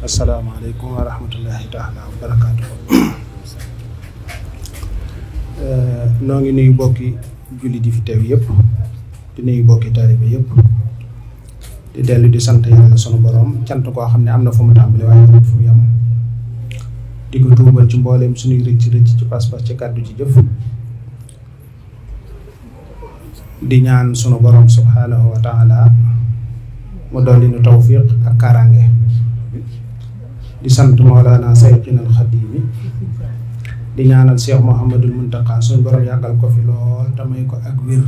Assalamualaikum warahmatullahi wa rahmatullahi taala wa barakatuhu eh, noo ngi nuyu bokki julli di fi teew yépp di nuyu bokki taalibe yépp di dellu di sant yàlla sunu borom cant koo xam ne na fu mu tàmbali waaye amul fu mu di ko tuubal ci mbooleem suñuy rëcc rëcc ci pas-pas ci kàddu ci jëf di ñaan sunu borom subhanahu wa taala mu dolli nu tawfiq ak kaaraange di sant Mawlana al khadim di ñaanal Cheikh Mouhamadul muntaka sun borom yagal ko fi lol tamay ko ak wir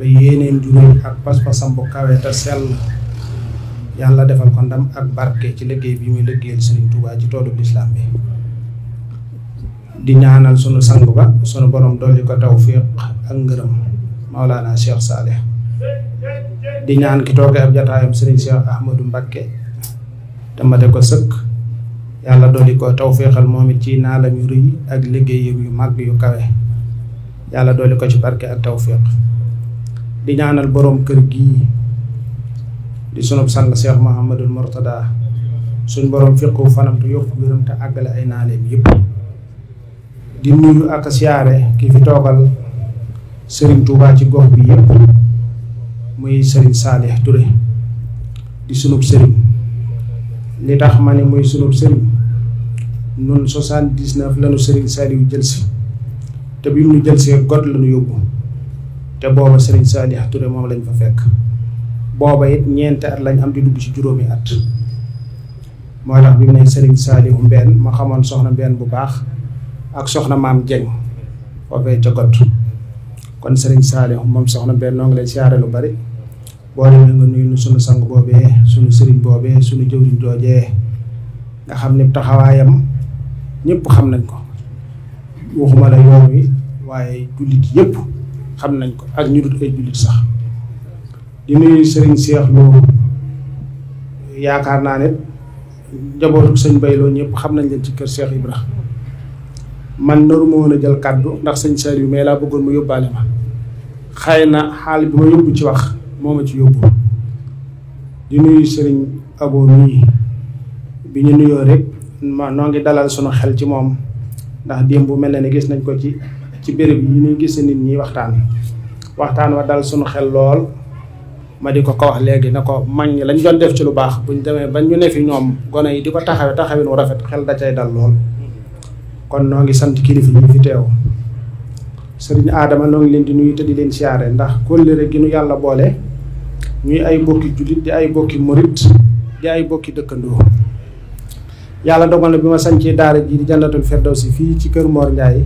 ba yéeneen juróom ak pas-pasam bu kawe ta ya yalla defal ko ndam ak barke ci liggey bi muy liggéeyal Serigne Touba ci tolu islam bi di ñaanal sunu sangu ba sunu borom dolli ko tawfiq ak ngërëm maulana Cheikh Saleh di ñaan ki toge ab jotaayam Serigne Cheikh Ahmadou barke dama de ko sëkk yàlla dolli ko tawfiqal momit ci naalam yu reuy ak liggey yu mag yu kawe yàlla dolli ko ci barke ak tawfiq di ñaanal borom kër gi di sunub sang Cheikh Mouhamadul murtada sun borom fiqu fanam du yok gërëm ta agal ay naaleem di nuyu ak siaré ki fi togal Serigne Touba ci gox bi muy Serigne salih Touré di sunub Serigne li tax mané moy sunu serigne nun 79 lañu serigne lanu sëriñ Saliou jëlsi te bi mu jëlsee got lanu yóbbu te booba sëriñ Saliou Touré mom lañ fa fekk booba it ñent at lañ am di dugg ci juroomi at mo tax bi mu serigne salih um ben ma xamone soxna ben bu baax ak soxna mam Dieng foofee ci kon serigne salih mom soxna ben noo ngi lay siaré lu bari boole na nga nuyu sunu sang boobee sunu serigne boobee sunu jëwriñ joojee nga xam ne taxawaayam ñëpp xam nañ ko waxuma la yoon wi waaye jullit yépp xam nañ ko ak ñu dut ay jullit sax di nuyu sëriñ Seex Lo yaakaar naa ne njabootu sëñ Bayloo ñëpp xam nañ leen ci kër Seex ibrah man naruma woon a jël kàddu ndax sëñ Saliou mais laa bëggoon mu yóbbaale ma xëy na xaal bi ma yóbbu ci wax moma ci yobbu di nuyu serigne abo mi bi ñu nuyo rek ma no ngi dalal suñu xel ci mom ndax dembu mel na ne gis nañ ko ci ci béréb yi ñu gis nit ñi waxtaan waxtaan wa dal suñu xel lool ma di ko ko wax legi nako mag lañ doon def ci lu baax buñ bañ ñu ne ñom ñoom yi di ko taxawé taxawin rafet xel da cey dal lool kon no ngi sant kilifa ñu fi teew serigne adama no ngi leen di nuyu te di leen siyaare ndax kóllëre gi nu yalla boole ñuy ay bokki jullit di ay bokki murit di ay bokki dëkkandoo yàlla dogal na bi ma sancee daara ji di jannatul si fii ci kër Mor Ndiaye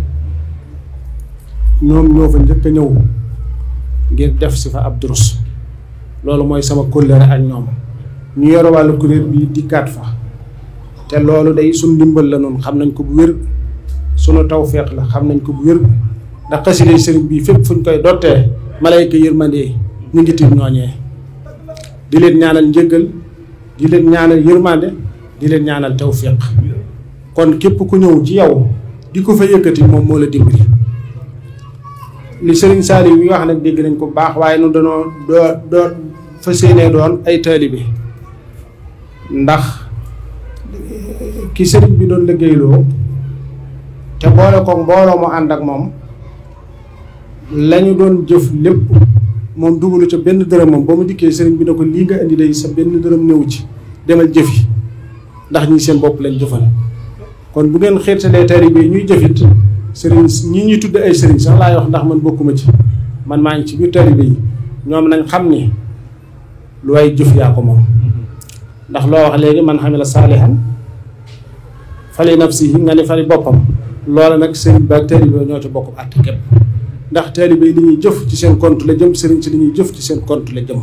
ñoom ñoo fa njëkk a ñëw ngir def si fa ab durus loolu mooy sama kóllëre ak ñoom ñu yore wàllu kuréel bi dikkaat fa te loolu day suñ ndimbal la noonu xam nañ ko bu wér taw tawféex la xam nañ ko bu wér ndax xasida sëriñ bii fépp fuñ koy dottee malayka yërmande ñu ngi tiim ñooñee di leen ñaanal njëggal di leen ñaanal yërmande di leen ñaanal tawfiq kon képp ku ñëw ci yow di ko fa yëkkati moom moo la dimbali li sëriñ Saliou yi wax nag dégg nañ ko baax waaye nu danoo doo doo fas yéenee doon ay taalibe ndax ki sëriñ bi doon liggéeyloo te boole ko mbooloo mu ànd ak moom lañu doon jëf lépp moom dugalu ca benn dërëm moom ba mu dikkee sëriñ bi na ko lii nga indi day sa benn dërëm néew ci demal jëfi ndax ñi seen bopp lañ jëfal kon bu ngeen xiirtalee taalibe yi ñuy jëfit sëriñ ñi ñuy tudd ay sëriñ sax laay wax ndax man bokkuma ci man maa ngi ci biir taalibe yi ñoom nañ xam ni lu way jëf yaa ko moom ndax loo wax léegi man xamila saalihan fali nafsihi nga ne fali boppam loola nag sëriñ ba taalibe ñoo ci bokk àtte képp ndax talibé li ñuy jëf ci seen compte la jëm sëriñ ci li ñuy jëf ci seen compte la jëm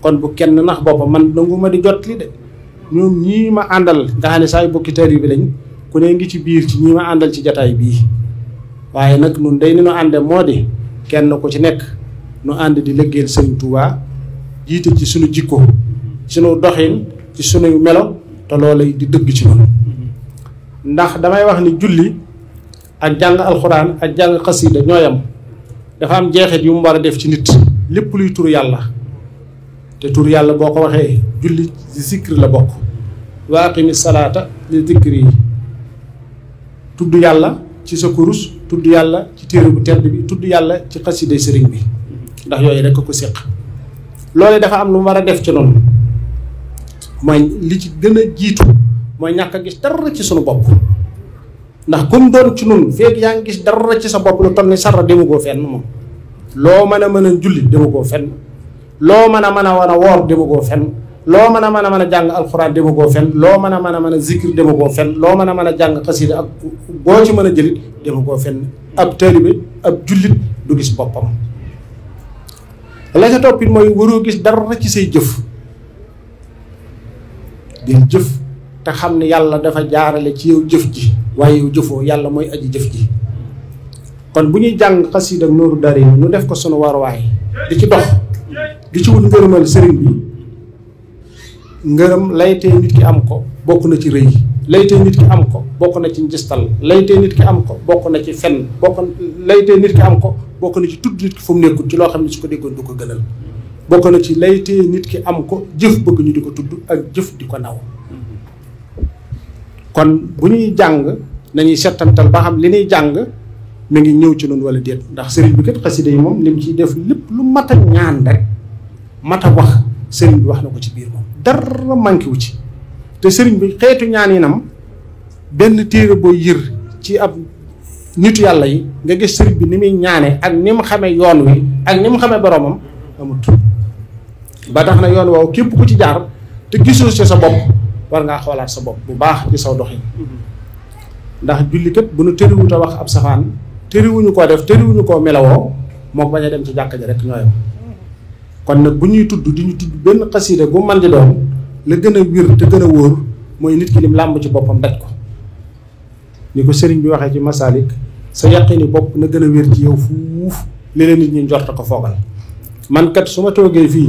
kon bu kenn nax bopa man nanguma di jot li de ñoom ñi ma andal nga xam ne saa bokki talibé lañ ku ne ngi ci biir ci ñi ma andal ci jotaay bi waye nak nun day ni andé modi kenn ko ci nekk ñu ànd di lëggeel sëriñ Touba jité ci suñu jikko ñu doxin ci suñu melo ta lolay di dëgg ci ñun ndax damay wax ni julli ak jang alquran ak jang qasida ñoyam dafa am jeexit yu mu war a def ci nit lépp luy tur yàlla te tur yàlla boo ko waxee julli zikri la bokk wa aqimi salaata li zikri yi tudd yàlla ci sa kurus tudd yàlla ci téere bu tedd bi tudd yàlla ci xaside sëriñ bi ndax yooyu rek ko séq loole dafa am lu mu war a def ci noonu mooy li ci gën a jiitu mooy ñàkk a gis dara ci sunu bopp ndax kum doon ci nun fek yaa ngi gis dara ci sa bop lu toll ni sarra ko fenn mo lo mën a julli mana mana fenn lo mën a wana wor mana ko fenn lo mana mana mana jang alquran ko fenn lo zikr ko zikir fenn lo mana mana jang qasida ak boo ci mën a jëlit ko fenn ab taalibe ab julit du gis bopam la ca toppit moy waroo gis dara ci sey jëf jëf te xam ne yàlla dafa jaarale ci yow jëf ji waaye yow jëfoo yàlla mooy aji jëf ji kon bu ñuy jàng xasida ak nooru dari ñu def ko sunu waruwaay di ci dox di ci wut ngërëmal sëriñ bi ngërëm laytee nit ki am ko bokk na ci rëy laytee nit ki am ko bokk na ci njistal laytee nit ki am ko bokk na ci fen bokk laytee nit am ko bokk na ci tudd nit ki fu mu nekkul ci loo xam ne si ko déggoon du ko gënal bokk na ci laytee nit ki am ko jëf bëgg ñu di ko tudd ak jëf di ko naw kon bu ñuy jàng nañuy settantal ba xam li ñuy jàng mu ngi ñëw ci noonu wala déet ndax sëriñ bi kat xasida yi moom lim ciy def lépp lu mat a ñaan rek mat a wax sëriñ bi wax na ko ci biir moom dara manqué wu ci te sëriñ bi xeetu ñaan yi nam benn téere booy yër ci ab nitu yàlla yi nga gis sëriñ bi ni muy ñaane ak ni mu xamee yoon wi ak ni mu xamee boromam amut ba tax na yoon woow képp ku ci jaar te gisoo ci sa bopp war nga xoolaat sa bop bu baax ci saw doxin mhm. ndax julli kep bu nu wu ta wax ab safaan wuñu ko def tëriwuñu wuñu ko melawo mo baña dem ci jakk ji rek ñooyam kon nak bu ñuy tudd di ñu tudd ben qasida bu man di doon le gëna wir te gëna a moy nit ki lim lamb ci bopam ko ni ko bi waxe ci masalik sa yaqini bop na gëna wir ci yow fuuf nit ñi ko fogal man kat suma ma fi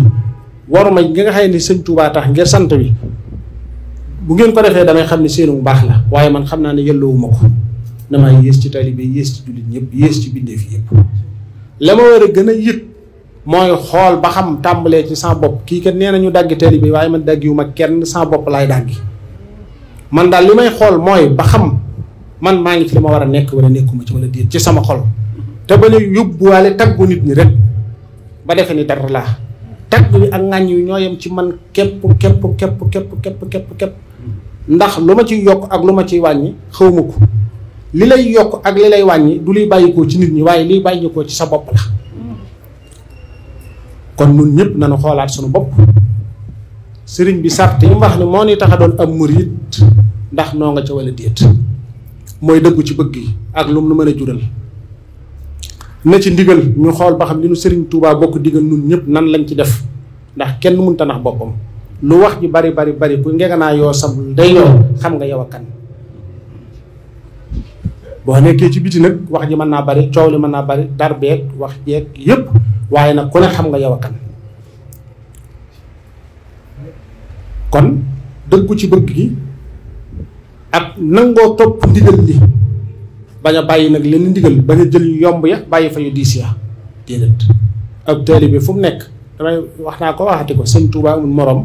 waruma gi nga xayni serigne touba tax ngir sante bi bu ngeen ko defee damay xam ne seenu bu baax la waaye man xam naa ne yelloowuma ko damaa yées ci taalibe yées ci jullit ñëpp yées ci bindeef yëpp la ma war a gën a yëg mooy xool ba xam tàmbalee ci sa bopp kii kat nee na nañu dàggi taalibe waaye man dàggiwuma kenn sa bopp laay dàggi man daal li may xool mooy ba xam man maa ngi ci li ma war a nekk wala nekkuma ci man a déet ci sama xol te ba ne yóbbuwaale taggu nit ñi rek ba defe ni dara laa tagg bi ak ŋàññ yu ñoo yem ci man képp képp képp képp képp képp ndax lu ma ciy yokk ak lu ma ciy wàññi xaw ko li lay yokk ak li lay wàññi du liy bàyyikoo ci nit ñi waaye liy bàyyikoo ci sa bopp la kon nun ñëpp nañu xoolaat sunu bopp sëriñ bi sart yi mbax ni moo ni tax a doon am murid ndax noo nga ca wala déet mooy dëggu ci bëgg yi ak lu mu mën a jural na ci ndigal ñu xool ba xam li nu sëriñ Touba bokk digal nun ñëpp nan lañ ci def ndax kenn mënta nax boppam lu wax ju bari bari bari bu ngeganaa yoo sab ndeyoo xam nga yow kan boo nekkee ci biti nak wax ji man na bari coow li mën bari darbeeg wax jek yep waye nak ku ne xam nga yow kan kon deggu ci bëgg gi ak nango top ndigal li baña bayyi nak leen ndigal jël yomb ya bayyi fa yu diis ya ab taalibe fu damay wax naa ko waxati ko sëñ Tuubaa amul morom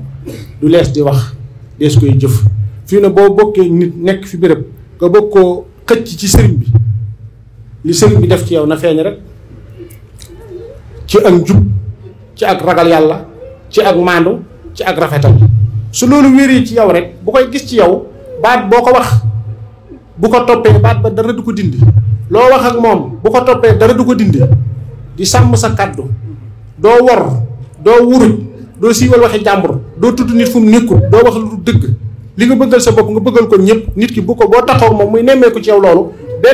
du lees di wax dees koy jëf fii na boo bokkee nit nekk fi béréb nga bokk koo xëcc ci sëriñ bi li sëriñ bi def ci yow na feeñ rek ci ak njub ci ak ragal yàlla ci ak maandu ci ak rafetal su loolu wéer yi ci yow rek bu koy gis ci yow baat boo ko wax bu ko toppee baat ba dara du ko dindi loo wax ak moom bu ko toppee dara du ko dindi di sàmm sa kàddu doo wor do wuru do siwal waxe jambur do tuddu nit fum nekkul do wax lu deug li nga bëggal sa bop nga bëggal ko ñepp nit ki bu ko bo taxaw mom muy ko ci yow ben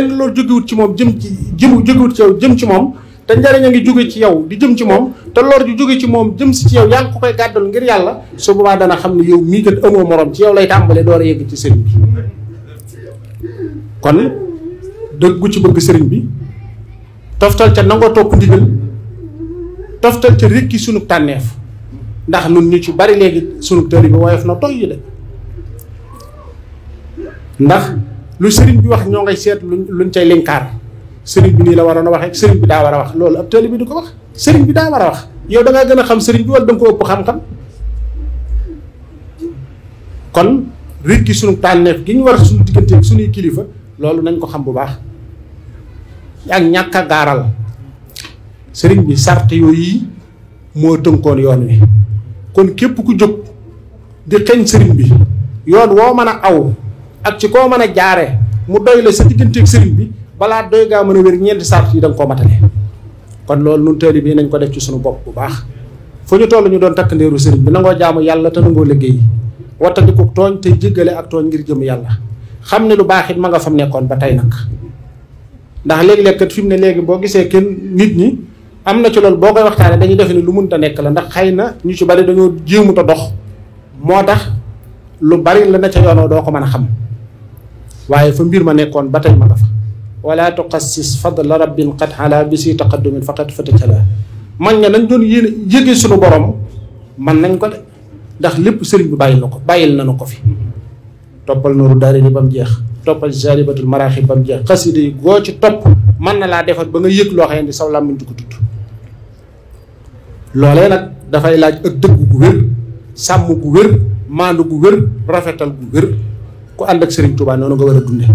benn joggi wut ci mom jëm ci jëm wut ci yow jëm ci mom te njariñ a ngi joggi ci yow di jëm ci mom te lor ju joggi ci mom jëm si ci yow yaang ko koy gaddal ngir yàlla su ba dana xam yow mi kat amo morom ci yow lay tàmbalee do a yegg ci sëriñ bi kon deggu ci bëgg sëriñ bi toftal ca nangoo tok ndigal taftal ci rekki sunu tanef ndax nun ñu ci bari legi sunu tëri bi woyof na toy de ndax lu sëriñ bi wax ñoo ngay seet luñ tay linkar linkaar bi ni la warona wax waxee bi da wara wax loolu ab bi du ko wax bi da wara wax yow da nga gëna xam sëriñ bi wala da nga ko upp xam-xam kon rekki sunu tanef gi ñu war sunu digënté sunuy kilifa loolu nañ ko xam bu baax ak ñaka garal sëriñ bi sart yooyu moo tënkoon yoon wi kon képp ku jóg di xeeñ sëriñ bi yoon woo mën a aw ak ci koo mën a jaare mu doy la sa digganteeg sëriñ bi balaa doy gaa mën a wér ñeenti sart yi da nga koo matale kon loolu nun taalib yi nañ ko def ci sunu bopp bu baax foo ñu toll ñu doon takk ndeeru sëriñ bi nangoo jaamu yàlla te nangoo liggéey wattandiku tooñ te jéggale ak tooñ ngir jëm yàlla xam ne lu baax it ma nga fam nekkoon ba tey nag ndax l léeg fi mu ne léegi boo gisee kenn nit ñi amna ci lol bokay waxtane waxtaanee dañuy def ni lu munta nek la ndax xëy ñu ci bari dañu jëmu ta dox motax lu bari la na ci yono do ko mëna xam waye fa mbir ma nekkon batay ma dafa wala tuqassis fadl rabbin qad ala bi si taqaddumin faqat fatatala man nga nañ doon yegge suñu borom man nañ ko de ndax lépp serigne bu bayil nako bayil bàyyil nañu ko fi topal nuru daari ni bam jeex toppal jalibatul maraaxib ba mu jeex xasida yi goo ci topp man na laa defar ba nga yëg loo xam ne saw làmmiñ di ko tudd nag dafay laaj ak dëgg gu wér sàmm gu wér maandu gu wér rafetal gu wér ku ànd ak Serigne Touba noonu nga war a dunde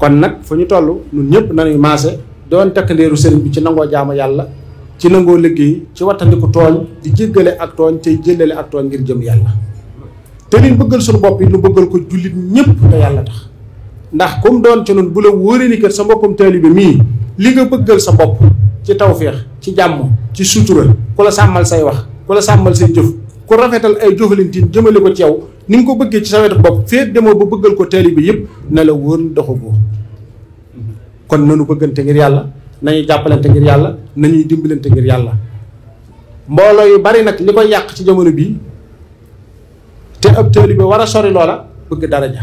kon nag fu ñu toll ñun ñëpp nañuy maase doon takkandeeru sëriñ bi ci nangoo jaamu yàlla ci nangoo liggéey ci wattandiku tooñ di jéggale ak tooñ tey jëllale ak tooñ ngir jëm yàlla te liñ bëggal suñu bopp yi nu bëggal ko jullit ñëpp te yàlla tax ndax comme doon ci noonu bu la wóoree ni kat sa boppam taalibe mii li nga bëggal sa bopp ci tawféex ci jàmm ci sutura ku la sàmmal say wax ku la sàmmal say jëf ku rafetal ay jëfalantin jëmale ko ci yow ni nga ko bëggee ci sa wetu bopp féet demoo ba bëggal ko taalibe yëpp na la wóor doxu boo kon nanu bëggante ngir yàlla nañuy jàppalante ngir yàlla nañuy dimbalante ngir yàlla mbooloo yu bari nag li yàq ci jamono bii té ab taalibe war a sori lola bëgg ja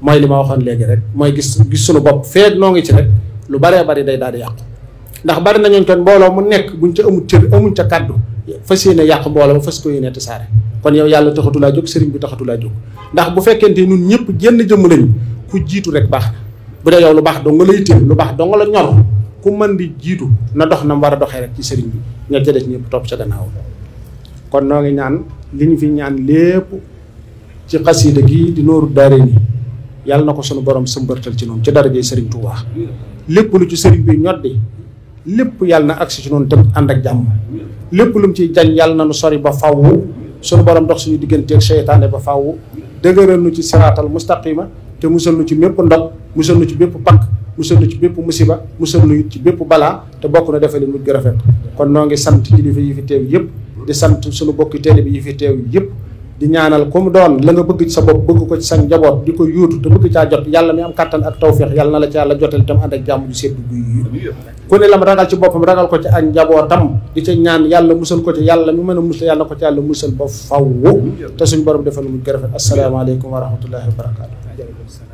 moy li ma waxon légui rek moy gis gis suñu bop fék no ngi ci rek lu baree bari day daal yaq yàqu ndax bari nañu tan mbolo mu nekk buñ ci amul cër amuñ ci kaddu fas yaq mbolo fas ko yéene tasaare kon yow taxatu la jóg sëriñ bi la jóg ndax bu fekkente ñun ñëpp génn jëm lañ ku jitu rek baax bu dee yow lu baax do nga lay téel lu baax nga la ñor ku mën di jitu na dox na wara doxé rek ci sëriñ bi ñu ca des ñëpp topp gannaaw kon noo ngi ñaan li ñu fi ñaan lépp ci xasida gi di nooru daare ni yàlla na ko sunu borom sëmbërtal ci noonu ci darajey sëriñ Touba lépp lu ci sëriñ bi ñoddi lépp yàlla na agsi ci noonu tamit ànd ak jàmm lépp lu mu ciy jañ yàlla na nu sori ba faww sunu borom ndox suñu digganteeg seytaane ba faww dëgëral nu ci siraatal mustaqima te musal nu ci mépp ndog musal nu ci bépp pakk musal nu ci bépp musiba musal nu ci bépp balaa te bokk na defali mujj rafet kon noo ngi sant kilifa yi fi teew yëpp di sant suñu bokki télé bi yi fi teew yëpp di ñaanal ku doon la nga bëgg ci sa bopp bëgg ko ci sa njaboot di ko yuutu te bëgg caa jot yàlla mi am kattan ak tawféex yàlla na la ci yàlla jotal tam ànd ak jàmm ju sedd guy ku ne lam ragal ci boppam ragal ko ci ak njabootam di ca ñaan yàlla musal ko ci yàlla mi mën a musal yàlla ko ci yàlla musal ba faw te suñ borom defal mu gërëfet asalaamaaleykum wa rahmatullahi wa barakaatu